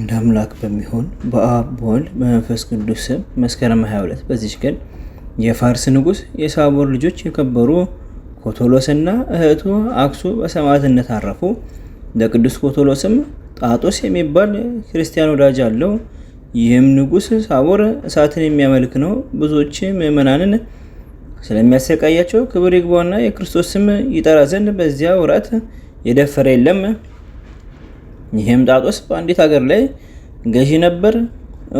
እንደ አምላክ በሚሆን በአብ በወልድ በመንፈስ ቅዱስ ስም መስከረም 22 በዚች ቀን የፋርስ ንጉሥ የሳቦር ልጆች የከበሩ ኮቶሎስና እህቱ አክሱ በሰማዕትነት አረፉ። ለቅዱስ ኮቶሎስም ጣጦስ የሚባል ክርስቲያን ወዳጅ አለው። ይህም ንጉሥ ሳቦር እሳትን የሚያመልክ ነው። ብዙዎች ምዕመናንን ስለሚያሰቃያቸው ክብር ይግባውና የክርስቶስ ስም ይጠራ ዘንድ በዚያ ወራት የደፈረ የለም። ይህም ጣጦስ በአንዲት ሀገር ላይ ገዢ ነበር።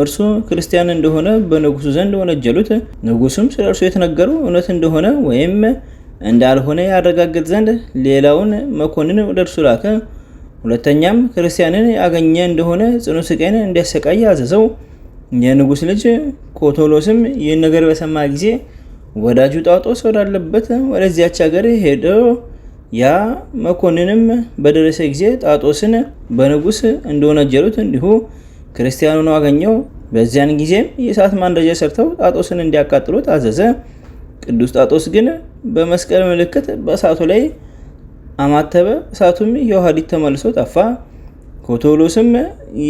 እርሱ ክርስቲያን እንደሆነ በንጉሱ ዘንድ ወነጀሉት። ንጉሱም ስለ እርሱ የተነገረው እውነት እንደሆነ ወይም እንዳልሆነ ያረጋግጥ ዘንድ ሌላውን መኮንን ወደ እርሱ ላከ። ሁለተኛም ክርስቲያንን ያገኘ እንደሆነ ጽኑ ስቃይን እንዲያሰቃይ አዘዘው። የንጉስ ልጅ ኮቶሎስም ይህን ነገር በሰማ ጊዜ ወዳጁ ጣጦስ ወዳለበት ወደዚያች ሀገር ሄደው ያ መኮንንም በደረሰ ጊዜ ጣጦስን እንደሆነ እንደወነጀሉት እንዲሁ ክርስቲያኑን አገኘው። በዚያን ጊዜም የእሳት ማንደጃ ሰርተው ጣጦስን እንዲያቃጥሉት አዘዘ። ቅዱስ ጣጦስ ግን በመስቀል ምልክት በእሳቱ ላይ አማተበ። እሳቱም የውሃዲት ተመልሶ ጠፋ። ኮቶሎስም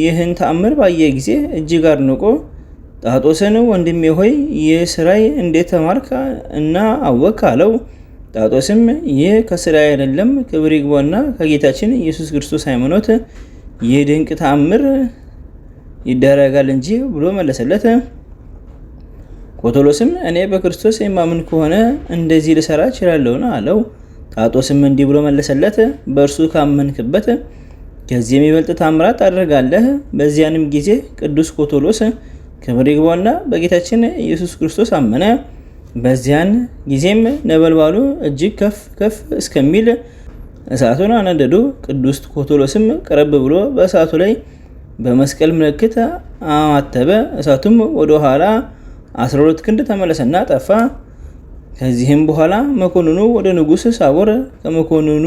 ይህን ተአምር ባየ ጊዜ እጅግ አድንቆ ጣጦስን ወንድሜ ሆይ ይህ ስራይ እንዴት ተማርክ እና አወክ አለው። ጣጦስም ይህ ከስራ አይደለም፣ ክብር ይግባውና ከጌታችን ኢየሱስ ክርስቶስ ሃይማኖት ይህ ድንቅ ተአምር ይደረጋል እንጂ ብሎ መለሰለት። ኮቶሎስም እኔ በክርስቶስ የማምን ከሆነ እንደዚህ ልሰራ እችላለሁን? አለው። ጣጦስም እንዲህ ብሎ መለሰለት፣ በእርሱ ካመንክበት ከዚህ የሚበልጥ ታምራት ታደርጋለህ። በዚያንም ጊዜ ቅዱስ ኮቶሎስ ክብር ይግባውና በጌታችን ኢየሱስ ክርስቶስ አመነ። በዚያን ጊዜም ነበልባሉ እጅግ ከፍ ከፍ እስከሚል እሳቱን አነደዱ። ቅዱስ ኮቶሎስም ቀረብ ብሎ በእሳቱ ላይ በመስቀል ምልክት አማተበ። እሳቱም ወደ ኋላ 12 ክንድ ተመለሰና ጠፋ። ከዚህም በኋላ መኮንኑ ወደ ንጉሥ ሳቦር ከመኮንኑ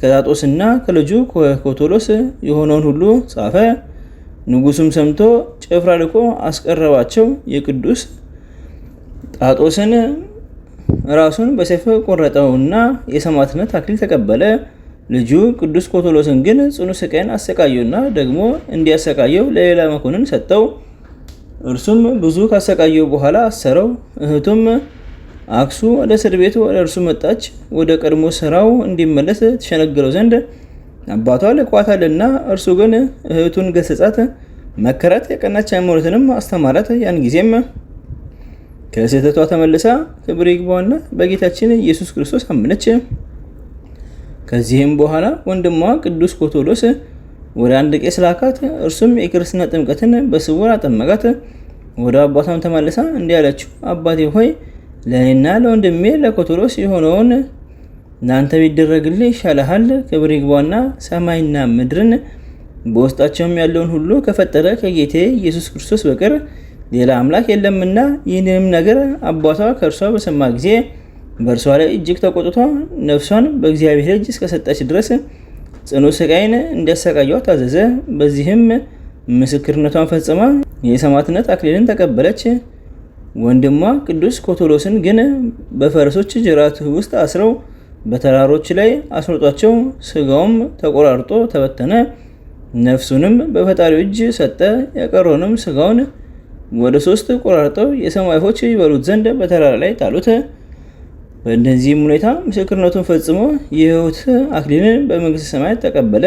ከጣጦስና ከልጁ ኮቶሎስ የሆነውን ሁሉ ጻፈ። ንጉሱም ሰምቶ ጭፍራ ልኮ አስቀረባቸው። የቅዱስ ጳጦስን ራሱን በሰይፍ ቆረጠውና የሰማዕትነት አክሊል ተቀበለ። ልጁ ቅዱስ ኮቶሎስን ግን ጽኑ ስቃይን አሰቃየውና ደግሞ እንዲያሰቃየው ለሌላ መኮንን ሰጠው። እርሱም ብዙ ካሰቃየው በኋላ አሰረው። እህቱም አክሱ ወደ እስር ቤት ወደ እርሱ መጣች። ወደ ቀድሞ ስራው እንዲመለስ ተሸነግረው ዘንድ አባቷ ልቋታልና፣ እርሱ ግን እህቱን ገሰጻት፣ መከራት፣ የቀናች ሃይማኖትንም አስተማራት። ያን ጊዜም ከስህተቷ ተመልሳ ክብር ይግባውና በጌታችን ኢየሱስ ክርስቶስ አመነች። ከዚህም በኋላ ወንድሟ ቅዱስ ኮቶሎስ ወደ አንድ ቄስ ላካት። እርሱም የክርስትና ጥምቀትን በስውር አጠመቃት። ወደ አባቷም ተመልሳ እንዲህ አለችው፣ አባቴ ሆይ ለእኔና ለወንድሜ ለኮቶሎስ የሆነውን ለአንተ ቢደረግልህ ይሻልሃል። ክብር ይግባውና ሰማይና ምድርን በውስጣቸውም ያለውን ሁሉ ከፈጠረ ከጌቴ ኢየሱስ ክርስቶስ በቀር ሌላ አምላክ የለምና ይህንንም ነገር አባቷ ከእርሷ በሰማ ጊዜ በእርሷ ላይ እጅግ ተቆጥቶ ነፍሷን በእግዚአብሔር እጅ እስከሰጠች ድረስ ጽኑ ስቃይን እንዲያሰቃየው ታዘዘ። በዚህም ምስክርነቷን ፈጽማ የሰማዕትነት አክሊልን ተቀበለች። ወንድሟ ቅዱስ ኮቶሎስን ግን በፈረሶች ጅራት ውስጥ አስረው በተራሮች ላይ አስሮጧቸው። ስጋውም ተቆራርጦ ተበተነ። ነፍሱንም በፈጣሪው እጅ ሰጠ። የቀረውንም ስጋውን ወደ ሶስት ቆራርጠው የሰማይ ወፎች ይበሉት ዘንድ በተራራ ላይ ጣሉት። በእንደዚህም ሁኔታ ምስክርነቱን ፈጽሞ የሕይወት አክሊልን በመንግስተ ሰማያት ተቀበለ።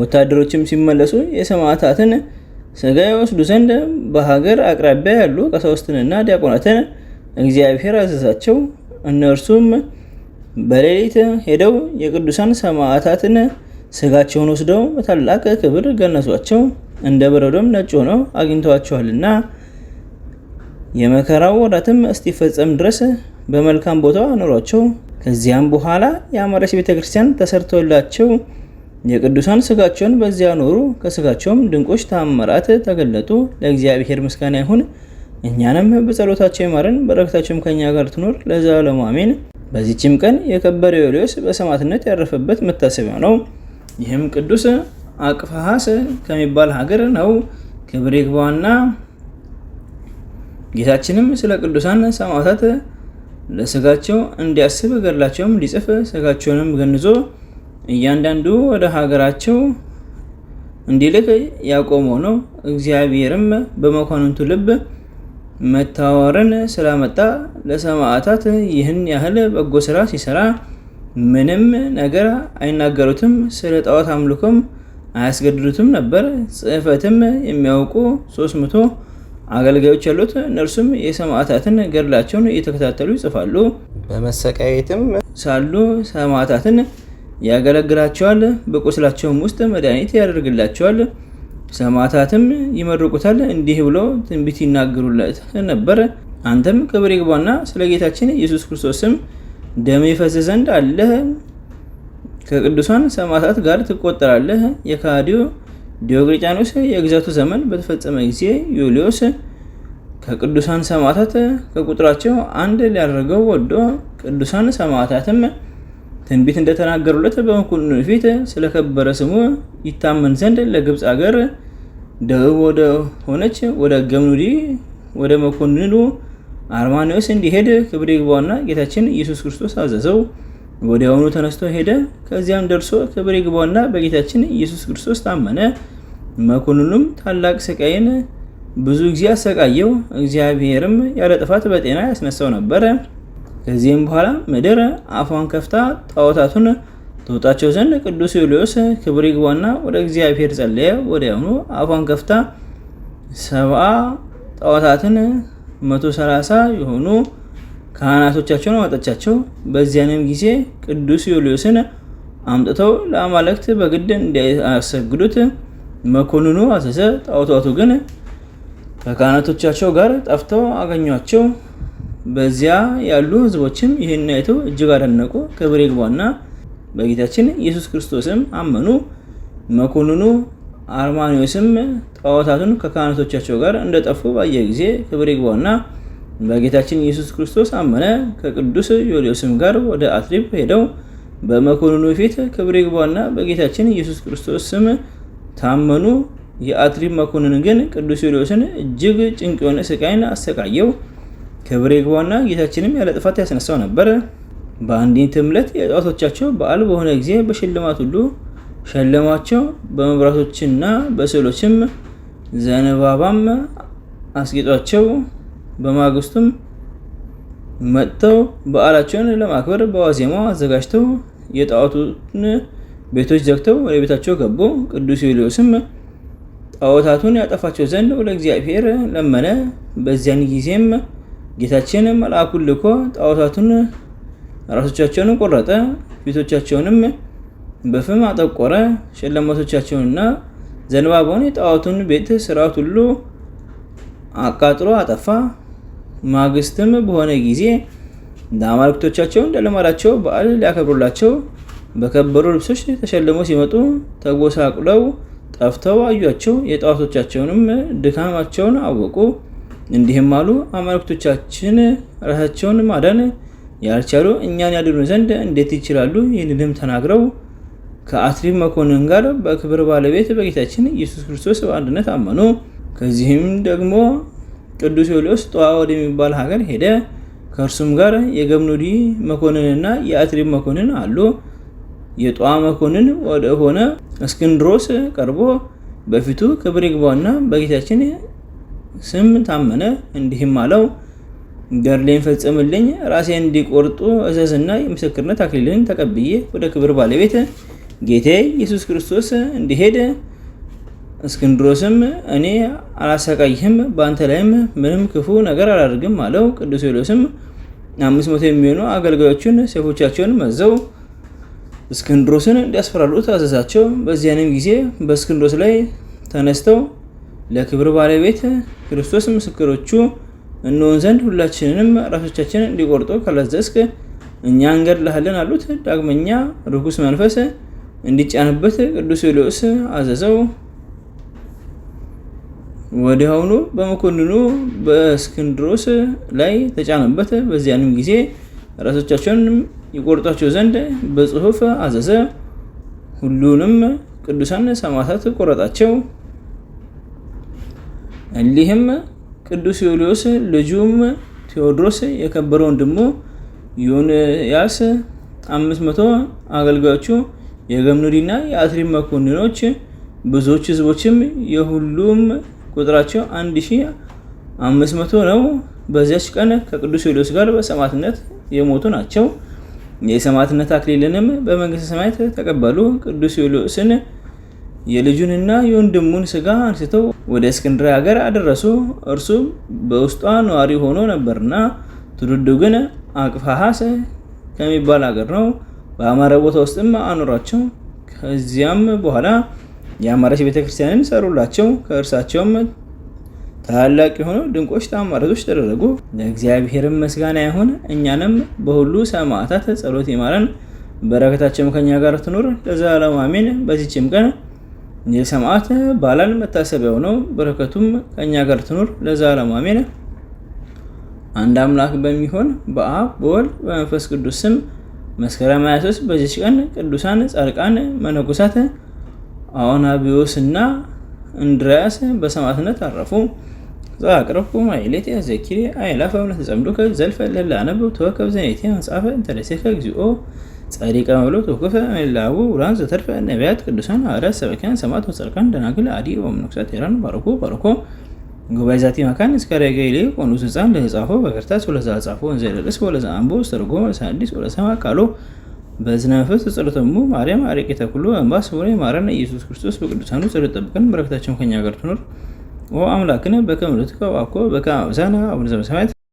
ወታደሮችም ሲመለሱ የሰማዕታትን ስጋ ይወስዱ ዘንድ በሀገር አቅራቢያ ያሉ ቀሳውስትንና ዲያቆናትን እግዚአብሔር አዘዛቸው። እነርሱም በሌሊት ሄደው የቅዱሳን ሰማዕታትን ስጋቸውን ወስደው በታላቅ ክብር ገነሷቸው። እንደ በረዶም ነጭ ሆነው አግኝተዋቸዋልና የመከራው ወራትም እስቲፈጸም ድረስ በመልካም ቦታ አኖሯቸው። ከዚያም በኋላ የአማረች ቤተ ክርስቲያን ተሰርቶላቸው የቅዱሳን ስጋቸውን በዚያ ኖሩ። ከስጋቸውም ድንቆች ተአምራት ተገለጡ። ለእግዚአብሔር ምስጋና ይሁን። እኛንም በጸሎታቸው ይማረን፣ በረከታቸውም ከኛ ጋር ትኖር ለዘላለሙ አሜን። በዚችም ቀን የከበረ ዮልዮስ በሰማዕትነት ያረፈበት መታሰቢያ ነው። ይህም ቅዱስ አቅፋሃስ ከሚባል ሀገር ነው። ክብር ይግባውና ጌታችንም ስለ ቅዱሳን ሰማዕታት ለስጋቸው እንዲያስብ ገድላቸውም ሊጽፍ ስጋቸውንም ገንዞ እያንዳንዱ ወደ ሀገራቸው እንዲልክ ያቆመው ነው። እግዚአብሔርም በመኳንንቱ ልብ መታወርን ስላመጣ ለሰማዕታት ይህን ያህል በጎ ስራ ሲሰራ ምንም ነገር አይናገሩትም። ስለ ጣዖት አምልኮም አያስገድዱትም ነበር። ጽሕፈትም የሚያውቁ ሶስት አገልጋዮች ያሉት እነርሱም የሰማዕታትን ገድላቸውን እየተከታተሉ ይጽፋሉ። በመሰቃየትም ሳሉ ሰማዕታትን ያገለግላቸዋል። በቁስላቸውም ውስጥ መድኃኒት ያደርግላቸዋል። ሰማዕታትም ይመርቁታል፣ እንዲህ ብሎ ትንቢት ይናገሩለት ነበር። አንተም ክብር ስለጌታችን ስለ ጌታችን ኢየሱስ ክርስቶስም ደም ይፈስ ዘንድ አለህ ከቅዱሳን ሰማዕታት ጋር ትቆጠራለህ። የካዲ ዲዮግሪጫኖስ የግዛቱ ዘመን በተፈጸመ ጊዜ ዩልዮስ ከቅዱሳን ሰማዕታት ከቁጥራቸው አንድ ሊያደርገው ወዶ ቅዱሳን ሰማዕታትም ትንቢት እንደተናገሩለት በመኮንኑ ፊት ስለከበረ ስሙ ይታመን ዘንድ ለግብፅ አገር ደቡብ ወደ ሆነች ወደ ገምኑዲ ወደ መኮንኑ አርማኒዎስ እንዲሄድ ክብር ይግባውና ጌታችን ኢየሱስ ክርስቶስ አዘዘው። ወዲያውኑ ተነስቶ ሄደ። ከዚያም ደርሶ ክብር ይግባውና በጌታችን ኢየሱስ ክርስቶስ ታመነ። መኮንኑም ታላቅ ስቃይን ብዙ ጊዜ አሰቃየው። እግዚአብሔርም ያለ ጥፋት በጤና ያስነሳው ነበር። ከዚህም በኋላ ምድር አፏን ከፍታ ጣዖታቱን ተወጣቸው ዘንድ ቅዱስ ዩልዮስ ክብር ይግባውና ወደ እግዚአብሔር ጸለየ። ወዲያውኑ አፏን ከፍታ ሰብአ ጣዖታትን መቶ ሰላሳ የሆኑ ካህናቶቻቸውን አወጣቻቸው። በዚያንም ጊዜ ቅዱስ ዮልዮስን አምጥተው ለአማልክት በግድ እንዲያሰግዱት መኮንኑ አዘዘ። ጣዖታቱ ግን ከካህናቶቻቸው ጋር ጠፍተው አገኟቸው። በዚያ ያሉ ሕዝቦችም ይህን አይተው እጅግ አደነቁ። ክብር ይግባውና በጌታችን ኢየሱስ ክርስቶስም አመኑ። መኮንኑ አርማኒዎስም ጣዖታቱን ከካህናቶቻቸው ጋር እንደጠፉ ባየ ጊዜ ክብር ይግባውና በጌታችን ኢየሱስ ክርስቶስ አመነ። ከቅዱስ ዮልዮስም ጋር ወደ አትሪብ ሄደው በመኮንኑ ፊት ክብር ይግባውና በጌታችን ኢየሱስ ክርስቶስ ስም ታመኑ። የአትሪብ መኮንን ግን ቅዱስ ዮልዮስን እጅግ ጭንቅ የሆነ ስቃይን አሰቃየው። ክብር ይግባውና ጌታችንም ያለ ጥፋት ያስነሳው ነበር። በአንዲት ትምለት የጣዖቶቻቸው በዓል በሆነ ጊዜ በሽልማት ሁሉ ሸለማቸው። በመብራቶችና በስዕሎችም ዘንባባም አስጌጧቸው። በማግስቱም መጥተው በዓላቸውን ለማክበር በዋዜማው አዘጋጅተው የጣዖቱን ቤቶች ዘግተው ወደ ቤታቸው ገቡ። ቅዱስ ዩሊዮስም ጣዖታቱን ያጠፋቸው ዘንድ ወደ እግዚአብሔር ለመነ። በዚያን ጊዜም ጌታችን መልአኩን ልኮ ጣዖታቱን ራሶቻቸውን ቆረጠ፣ ፊቶቻቸውንም በፍም አጠቆረ። ሸለመቶቻቸውንና ዘንባባውን የጣዖቱን ቤት ስርዓት ሁሉ አቃጥሎ አጠፋ። ማግስትም በሆነ ጊዜ አማልክቶቻቸው እንደልማዳቸው በዓል ሊያከብሩላቸው በከበሩ ልብሶች ተሸልመው ሲመጡ ተጎሳቁለው ጠፍተው አዩቸው። የጣዖቶቻቸውንም ድካማቸውን አወቁ። እንዲህም አሉ፣ አማልክቶቻችን ራሳቸውን ማዳን ያልቻሉ እኛን ያድኑ ዘንድ እንዴት ይችላሉ? ይህንንም ተናግረው ከአትሪብ መኮንን ጋር በክብር ባለቤት በጌታችን ኢየሱስ ክርስቶስ በአንድነት አመኑ። ከዚህም ደግሞ ቅዱስ ዮልዮስ ጠዋ ወደሚባል ሀገር ሄደ። ከእርሱም ጋር የገምኑዲ መኮንንና የአትሪብ መኮንን አሉ። የጠዋ መኮንን ወደ ሆነ እስክንድሮስ ቀርቦ በፊቱ ክብር ይግባውና በጌታችን ስም ታመነ። እንዲህም አለው ገድሌን ፈጽምልኝ፣ ራሴን እንዲቆርጡ እዘዝና የምስክርነት አክሊልን ተቀብዬ ወደ ክብር ባለቤት ጌቴ ኢየሱስ ክርስቶስ እንዲሄድ እስክንድሮስም እኔ አላሰቃይህም፣ በአንተ ላይም ምንም ክፉ ነገር አላደርግም አለው። ቅዱስ ሄሎስም አምስት መቶ የሚሆኑ አገልጋዮቹን ሴፎቻቸውን መዘው እስክንድሮስን እንዲያስፈራሩት አዘዛቸው። በዚያንም ጊዜ በእስክንድሮስ ላይ ተነስተው ለክብር ባለቤት ክርስቶስ ምስክሮቹ እንሆን ዘንድ ሁላችንንም ራሶቻችን እንዲቆርጡ ካላዘዝክ እኛ እንገድልሃለን አሉት። ዳግመኛ ርኩስ መንፈስ እንዲጫንበት ቅዱስ ሄሎስ አዘዘው። ወዲያውኑ በመኮንኑ በእስክንድሮስ ላይ ተጫነበት። በዚያንም ጊዜ ራሶቻቸውንም ይቆርጧቸው ዘንድ በጽሑፍ አዘዘ። ሁሉንም ቅዱሳን ሰማዕታት ቆረጣቸው። እሊህም ቅዱስ ዮልዮስ፣ ልጁም ቴዎድሮስ፣ የከበረ ወንድሙ ዮንያስ፣ አምስት መቶ አገልጋዮቹ፣ የገምኑሪና የአትሪ መኮንኖች፣ ብዙዎች ህዝቦችም የሁሉም ቁጥራቸው 1500 ነው። በዚያች ቀን ከቅዱስ ሄሎስ ጋር በሰማዕትነት የሞቱ ናቸው። የሰማዕትነት አክሊልንም በመንግስተ ሰማያት ተቀበሉ። ቅዱስ ሄሎስን የልጁንና የወንድሙን ስጋ አንስተው ወደ እስክንድርያ ሀገር አደረሱ። እርሱ በውስጧ ነዋሪ ሆኖ ነበርና፣ ትውልዱ ግን አቅፋሃስ ከሚባል ሀገር ነው። በአማረ ቦታ ውስጥም አኖራቸው። ከዚያም በኋላ የአማራጭ ቤተክርስቲያንን ሰሩላቸው። ከእርሳቸውም ታላቅ የሆኑ ድንቆች ተአምራቶች ተደረጉ። ለእግዚአብሔርም ምስጋና ይሁን። እኛንም በሁሉ ሰማዕታት ጸሎት ይማረን፣ በረከታቸውም ከኛ ጋር ትኑር ለዘላለሙ አሜን። በዚችም ቀን የሰማዕት ባላን መታሰቢያው ነው። በረከቱም ከኛ ጋር ትኑር ለዘላለሙ አሜን። አንድ አምላክ በሚሆን በአብ በወልድ በመንፈስ ቅዱስ ስም መስከረም 23 በዚች ቀን ቅዱሳን ጻድቃን መነኮሳት አሁን አብዮስ እና እንድራያስ በሰማዕትነት አረፉ። ዘአቅረብኩም አዕሌቴ ዘኪሬ አዕላፈ እምለተጸምዱከ ዘልፈ ለላነበብ ተወከብ ዘኔቴ መጽሐፈ እንተለሴከ እግዚኦ ጸሪቀ መብሎ ወኩፈ ሜላቡ ውራን ዘተርፈ ነቢያት ቅዱሳን ሐዋርያት ሰበኪያን ሰማት ወጻድቃን ደናግል አዲ ወመነኮሳት ሄራን ባርኮ ባርኮ ጉባኤ ዛቲ መካን እስከ ረገይሌ ቆኑስ ህፃን ለህፃፎ በክርታስ ወለዛ ጻፎ እንዘ ለርእስ ወለዛ አንቦ ስተርጎ ወለሳ አዲስ ወለሰማ ቃሎ በዝናፈት ጸሎተሙ ማርያም አርቄ ኩሉ አምባስ ወሬ ማረነ ኢየሱስ ክርስቶስ በቅዱሳኑ ጸሎት ጠብቀን በረከታችን ከኛ ጋር ትኖር። ኦ አምላክነ በከመ ንትቀው አኮ በከመ አብሳነ አቡነ ዘበሰማያት